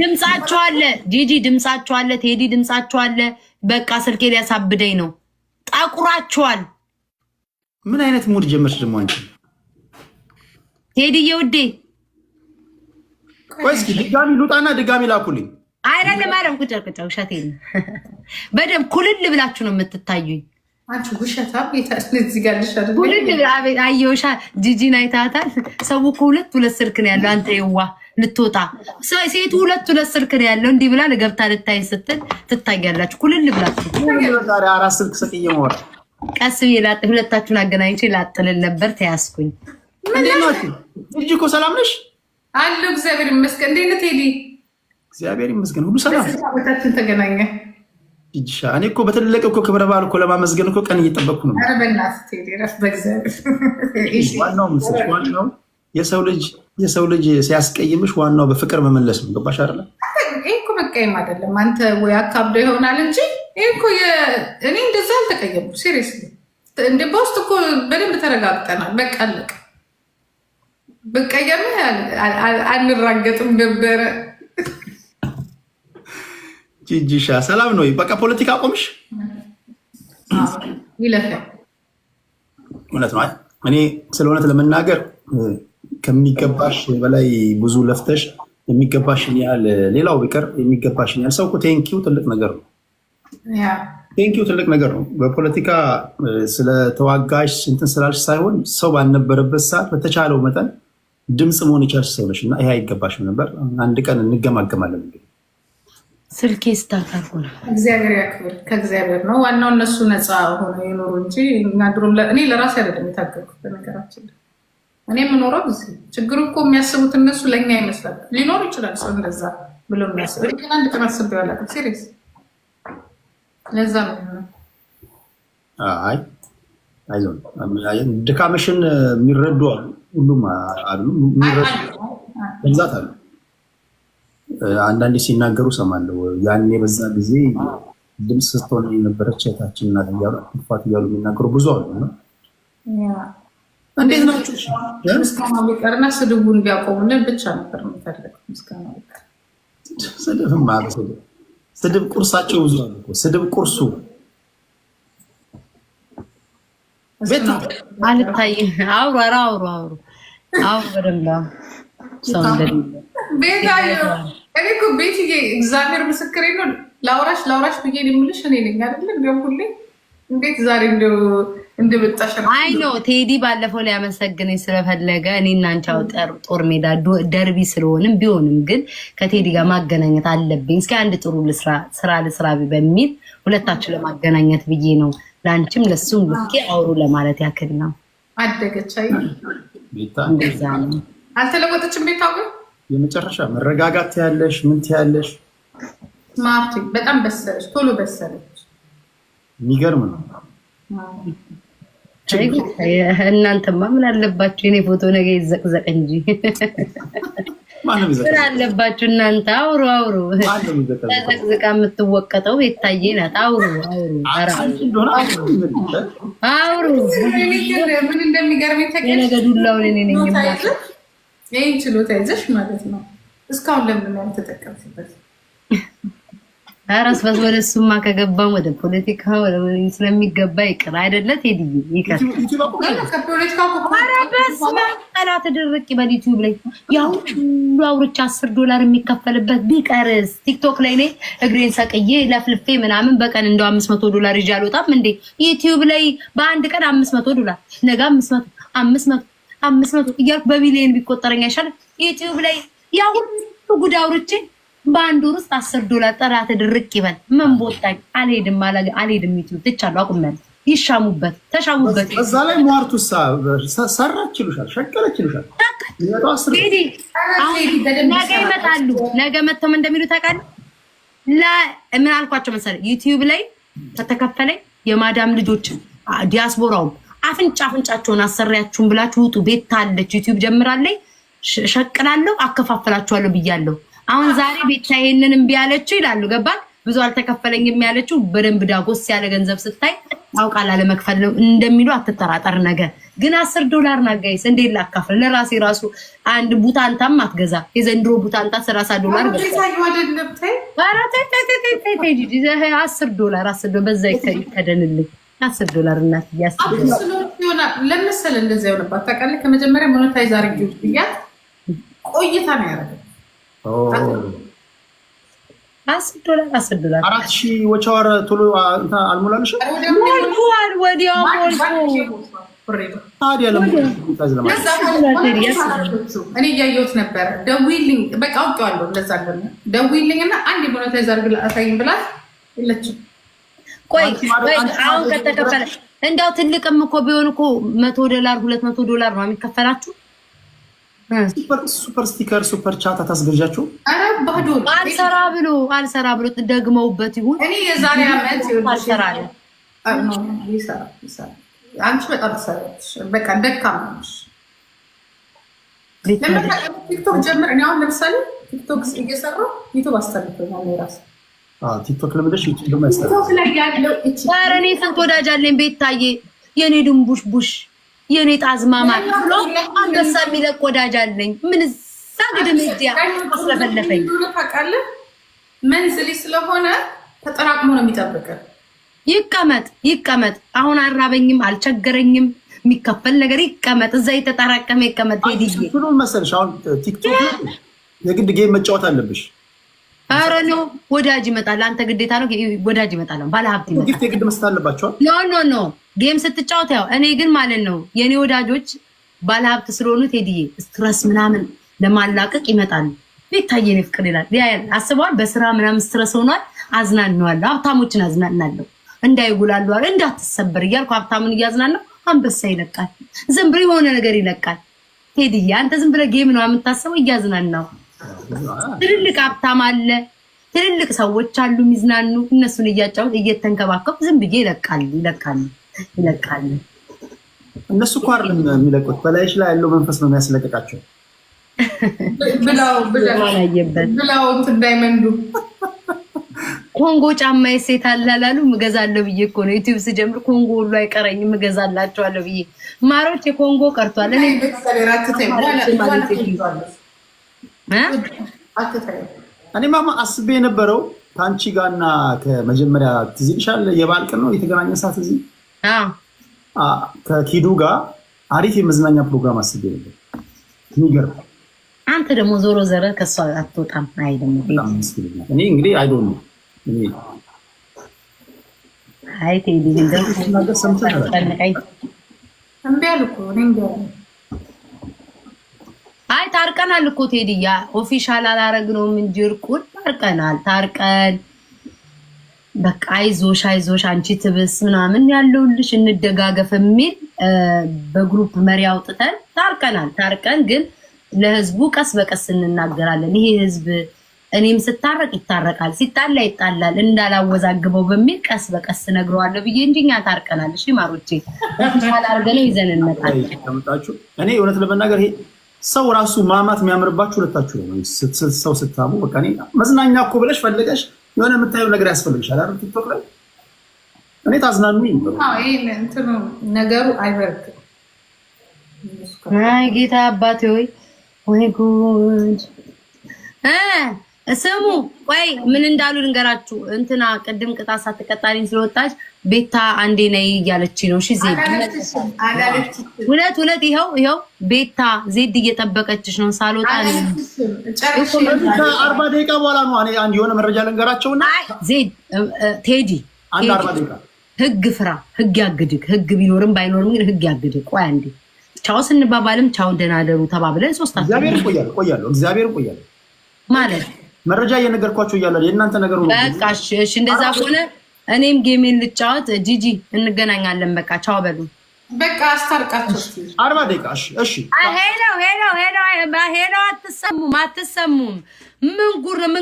ድምጻቸው አለ ጂጂ ድምጻቸው አለ ቴዲ ድምጻቸው አለ። በቃ ስልኬ ሊያሳብደኝ ነው። ጠቁራቸዋል። ምን አይነት ሙድ ጀመርሽ ደግሞ አንቺ ቴዲ የውዴ እስኪ ድጋሚ ልውጣና ድጋሚ ላኩልኝ። አይረንም አይረን ቁጭር ውሸቴ በደምብ ኩልል ብላችሁ ነው የምትታዩኝ። አንቺ ውሸታ አየሁሽ። ጂጂን አይታታል። ሰው እኮ ሁለት ሁለት ስልክ ነው ያለው። አንተ የዋ ልትወጣ ሴቱ ሁለት ሁለት ስልክ ነው ያለው። እንዲህ ብላ ለገብታ ልታይ ስትል ትታያላችሁ። ኩልል ብላችሁ ቀስ ሁለታችሁን አገናኝቼ ላጥልል ነበር ተያዝኩኝ። ጂጂ እኮ ሰላም ነሽ አሉ። እግዚአብሔር ይመስገን። እንዴት ነህ ቴዲ? እግዚአብሔር ይመስገን ሁሉ ሰላም። ተገናኘ ኢንሻ እኔ እኮ በትልቅ እኮ ክብረ በዓል እኮ ለማመስገን እኮ ቀን እየጠበቅኩ ነው። የሰው ልጅ የሰው ልጅ ሲያስቀይምሽ ዋናው በፍቅር መመለስ ነው። ገባሽ አይደለ? ይሄ እኮ መቀየም አይደለም። አንተ ወይ አካብዶ ይሆናል እንጂ ይሄ እኮ እኔ እንደዛ አልተቀየሙ። ሲሪየስ እንደ በውስጥ እኮ በደንብ ተረጋግጠናል። በቃ አለቀ። አንራገጥም ነበረ ጂጂሻ ሰላም ነው። በቃ ፖለቲካ አቆምሽ? እውነት ነው። እኔ ስለ እውነት ለመናገር ከሚገባሽ በላይ ብዙ ለፍተሽ የሚገባሽን ያህል ሌላው ቢቀር የሚገባሽን ያህል ሰው እኮ ቴንኪው ትልቅ ነገር ነው። ቴንኪው ትልቅ ነገር ነው። በፖለቲካ ስለተዋጋሽ እንትን ስላልሽ ሳይሆን ሰው ባልነበረበት ሰዓት በተቻለው መጠን ድምፅ መሆን ይቻልሽ ሰው ነሽ እና ይሄ አይገባሽም ነበር። አንድ ቀን እንገማገማለን። ስልክ ነው። እግዚአብሔር ያክብር። ከእግዚአብሔር ነው ዋናው። እነሱ ነፃ ሆነ የኖሩ እንጂ እናድሮም እኔ ለራሴ አይደለም የታገልኩት። በነገራችን እኔ የምኖረው እዚህ ችግሩ እኮ የሚያስቡት እነሱ ለእኛ ይመስላል። ሊኖሩ ይችላል ሰው እንደዛ ብሎ የሚያስብ ግን አንድ ቀን አስቤ አላውቅም። ሲሪየስ ለዛ ነው አይ አይዞን ድካምሽን የሚረዱ አሉ። ሁሉም አሉ የሚረዱ በብዛት አሉ። አንዳንዴ ሲናገሩ ሰማለሁ። ያኔ በዛ ጊዜ ድምፅ ስትሆን የነበረች እህታችን እናት እያሉ ትፋት እያሉ የሚናገሩ ብዙ አሉ። እንዴት ናቸው? ምስጋና ቢቀርና ስድቡን ቢያቆሙልን ብቻ ነበር የምፈልገው። ስድብ ስድብም ስድብ ቁርሳቸው ብዙ አሉ። ስድብ ቁርሱ አልታይም። አውሩ፣ ኧረ አውሩ፣ አውሩ፣ አውሩ በደምብ ቤታየ እኔ እኮ ቤትዬ እግዚአብሔር ምስክሬ ነው። ላውራሽ ላውራሽ ብዬ የምልሽ እኔ ነኝ አይደለ? እንዲያውም ሁሌ እንዴት ዛሬ እንደመጣሽ አይ ነው። ቴዲ ባለፈው ላይ አመሰግነኝ ስለፈለገ እኔ እናንቻው ጦር ሜዳ ደርቢ ስለሆንም ቢሆንም ግን ከቴዲ ጋር ማገናኘት አለብኝ። እስኪ አንድ ጥሩ ስራ ልስራ በሚል ሁለታችን ለማገናኘት ብዬ ነው። ለአንቺም ለሱም ልኬ አውሩ ለማለት ያክል ነው። አደገች አይ ቤታ እንደዛ ነው። አልተለወጠችም ቤታ ግን የመጨረሻ መረጋጋት ትያለሽ፣ ምን ትያለሽ? ስማርት በጣም በሰለች፣ ቶሎ በሰለች። የሚገርም ነው። እናንተማ ምን አለባችሁ? የኔ ፎቶ ነገ ይዘቅዘቅ እንጂ ምን አለባችሁ እናንተ? አውሩ አውሩ። ዘቅዝቃ የምትወቀጠው የታየ ናት። አውሩ አውሩ አውሩ። የነገ ዱላውን እኔ ነኝ። ይህን ችሎታ ይዘሽ ማለት ነው። እስካሁን ለምን አልተጠቀምሽበት? ራስ በስ ወደ እሱማ ከገባም ወደ ፖለቲካ ስለሚገባ ይቅር አይደለ? ቴዲ ይቀር ጠላት ድርቅ ይበል። ዩቲዩብ ላይ ያው ሁሉ አውርቻ አስር ዶላር የሚከፈልበት ቢቀርስ? ቲክቶክ ላይ እኔ እግሬን ሰቅዬ ለፍልፌ ምናምን በቀን እንደው አምስት መቶ ዶላር ይዤ አልወጣም እንዴ? ዩቲዩብ ላይ በአንድ ቀን አምስት መቶ ዶላር ነገ አምስት መቶ አምስት መቶ አምስት መቶ እያልኩ በሚሊዮን ቢቆጠረኝ አይሻልም? ዩቲዩብ ላይ ያ ሁሉ ጉድ አውርቼ በአንድ ወር ውስጥ አስር ዶላር ጥራት ድርቅ ይበል። ምን ቦታኝ? አልሄድም አለ አልሄድም። ዩቲዩብ ትቻለሁ፣ አቁመል ይሻሙበት፣ ተሻሙበት። እዛ ላይ ሟርቱ ሰራች ይሉሻል፣ ሸቀለች ይሉሻል። ነገ ይመጣሉ። ነገ መተም እንደሚሉ ታውቃለህ። ምን አልኳቸው መሰለህ? ዩቲዩብ ላይ ከተከፈለኝ የማዳም ልጆች ዲያስፖራውም አፍንጫ አፍንጫቸውን አሰሪያችሁን ብላችሁ ውጡ። ቤት ታለች ዩቲዩብ ጀምራለች፣ ሸቅላለሁ፣ አከፋፈላችኋለሁ ብያለሁ። አሁን ዛሬ ቤታ ይሄንን እምቢ አለችው ይላሉ። ገባል ብዙ አልተከፈለኝም ያለችው በደንብ ዳጎስ ያለ ገንዘብ ስታይ አውቃላ ለመክፈል ነው እንደሚሉ አትጠራጠር። ነገ ግን አስር ዶላር ናጋይስ እንዴ ላካፍል? ለራሴ ራሱ አንድ ቡታንታም አትገዛ። የዘንድሮ ቡታንታ ሰላሳ ዶላር አስር ዶላር አስር በዛ ይከደንልኝ አስር ዶላር እናት እያስሆናል ለመሰል ታውቃለህ። ከመጀመሪያ ሞኔታይዝ ብያት ቆይታ ነው አስር ዶላር አስር ዶላር አራት ወቻዋር ቶሎ እኔ እያየሁት ነበረ። ደዊልኝ በቃ አውቄዋለሁ። ደዊልኝ እና አንድ ሞኔታይዝ አድርግ አሳይኝ ብላት የለችም ቆይ ቆይ፣ አሁን ከተከፈለ እንዳው ትልቅም እኮ ቢሆን እኮ መቶ ዶላር ሁለት መቶ ዶላር ነው የሚከፈላችሁ። ሱፐር ስቲከር ሱፐር ቻት አታስገዣችሁ። አልሰራ ብሎ አልሰራ ብሎ ደግመውበት ይሁን እኔ የዛሬ ዓመት አንቺ በጣም ትሰራለሽ፣ በቃ ደካማ ነሽ። ቲክቶክ ጀምር። እኔ አሁን ለምሳሌ ቲክቶክ እየሰራሁ ዩቱብ አስተልቶኛል ራሴ ቲክቶክ ልምደሽ ዩቲዩብ መስራት ኧረ እኔ ስንት ወዳጅ አለኝ። ቤታዬ የኔ ድንቡሽ ቡሽ የኔ ጣዝማማ ብሎ አንበሳ የሚለቅ ወዳጅ አለኝ። ምን እዛ ግድም ሄዲያ አስለፈለፈኝ። ታውቃለህ፣ መንዝሊ ስለሆነ ተጠራቅሞ ነው የሚጠብቅ። ይቀመጥ ይቀመጥ። አሁን አራበኝም አልቸገረኝም። የሚከፈል ነገር ይቀመጥ፣ እዛ የተጠራቀመ ይቀመጥ። ሄድ ሄድዬ መሰለሽ አሁን ቲክቶክ የግድ ጌም መጫወት አለብሽ ኧረ ነው ወዳጅ ይመጣል። አንተ ግዴታ ነው ወዳጅ ይመጣል፣ ባለሀብት ይመጣል። ጊፍት የግድ መስጠት አለባቸዋል። ኖ ኖ ኖ ጌም ስትጫወት ያው እኔ ግን ማለት ነው የእኔ ወዳጆች ባለሀብት ስለሆኑ ቴዲዬ ስትረስ ምናምን ለማላቀቅ ይመጣል። ቤታዬ እኔ ፍቅር ይላል ያያል አስበዋል። በስራ ምናምን ስትረስ ሆኗል። አዝናናዋለሁ፣ ሀብታሞችን አዝናናለሁ። እንዳይጉላሉ አለ እንዳትሰበር እያልኩ ሀብታሙን እያዝናናው አንበሳ ይለቃል፣ ዝም ብሎ የሆነ ነገር ይለቃል። ቴዲዬ አንተ ዝም ብለህ ጌም ነው የምታስበው፣ እያዝናናው ትልልቅ ሀብታም አለ፣ ትልልቅ ሰዎች አሉ የሚዝናኑ። እነሱን እያጫወት እየተንከባከብ ዝም ብዬ ይለቃል ይለቃል ይለቃል። እነሱ እኮ አይደለም የሚለቁት፣ በላይሽ ላይ ያለው መንፈስ ነው የሚያስለቅቃቸው። ብላው እንዳይመንዱ ኮንጎ ጫማ የሴት አላላሉ እገዛለሁ ብዬ እኮ ነው ዩቲዩብ ስጀምር ኮንጎ ሁሉ አይቀረኝም እገዛላቸዋለሁ ብዬ ማሮች የኮንጎ ቀርቷል። እኔማ አስቤ የነበረው ከአንቺ ጋርና ከመጀመሪያ ትዝ ይልሻል፣ የበዓል ቀን ነው የተገናኘ ሰዓት እዚህ ከኪዱ ጋር አሪፍ የመዝናኛ ፕሮግራም አስቤ ነበር። የሚገርም አንተ ደግሞ ዞሮ ዘረ ከሷ አትወጣም። አይ ደግሞ እኔ እንግዲህ አይዶ ነው አይ ቴዲ ሰምተህ እምቢ አልኩ እኔ አይ ታርቀናል እኮ ቴዲያ፣ ኦፊሻል አላረግ ነው እንጂ እርቁን ታርቀናል። ታርቀን በቃ አይዞሽ አይዞሽ አንቺ ትብስ ምናምን ያለውልሽ እንደጋገፍ የሚል በግሩፕ መሪ አውጥተን ታርቀናል። ታርቀን ግን ለህዝቡ ቀስ በቀስ እንናገራለን። ይሄ ህዝብ እኔም ስታረቅ ይታረቃል፣ ሲጣላ ይጣላል፣ እንዳላወዛግበው በሚል ቀስ በቀስ ነግረዋለሁ ብዬ እንጂ እኛ ታርቀናል። እሺ ማሮቼ፣ ኦፊሻል አርገነው ይዘን እንመጣለን። እኔ እውነት ለመናገር ሰው ራሱ ማማት የሚያምርባችሁ ሁለታችሁ ነው። ሰው ስታሙ በቃ መዝናኛ እኮ ብለሽ ፈለገሽ የሆነ የምታየው ነገር ያስፈልግሻል አይደል? ቲክቶክ ላይ እኔ ታዝናኑ ነገሩ አይበርክም። ጌታ አባቴ ወይ ወይ ጉድ ስሙ። ቆይ ምን እንዳሉ ልንገራችሁ። እንትና ቅድም ቅጣት ሳትቀጣሪኝ ስለወጣች ቤታ አንዴ ነይ እያለች ነው። እሺ ዜድ ሁለት ሁለት ይኸው ይኸው ቤታ ዜድ እየጠበቀችሽ ነው። ሳልወጣ አርባ ደቂቃ በኋላ ነው። እኔ አንድ የሆነ መረጃ ልንገራቸውና ዜድ ቴዲ ህግ ፍራ፣ ህግ ያግድግ። ህግ ቢኖርም ባይኖርም ግን ህግ ያግድግ። ቆይ አንዴ ቻው ስንባባልም ቻው ደህና ደሩ ተባብለን ሶስት እግዚአብሔር እቆያለሁ እቆያለሁ እግዚአብሔር እቆያለሁ ማለት መረጃ እየነገርኳቸው እያለ የእናንተ ነገር ነው። በቃ እሺ እንደዛ ሆነ እኔም ጌሜን ልጫወት። ጂጂ እንገናኛለን። በቃ ቻው በሉ። በቃ አስታርቃቸው። አርባ ደቂቃ እሺ። ሄሎ ሄሎ ሄሎ አትሰሙም፣ አትሰሙም። ምን ጉር ምን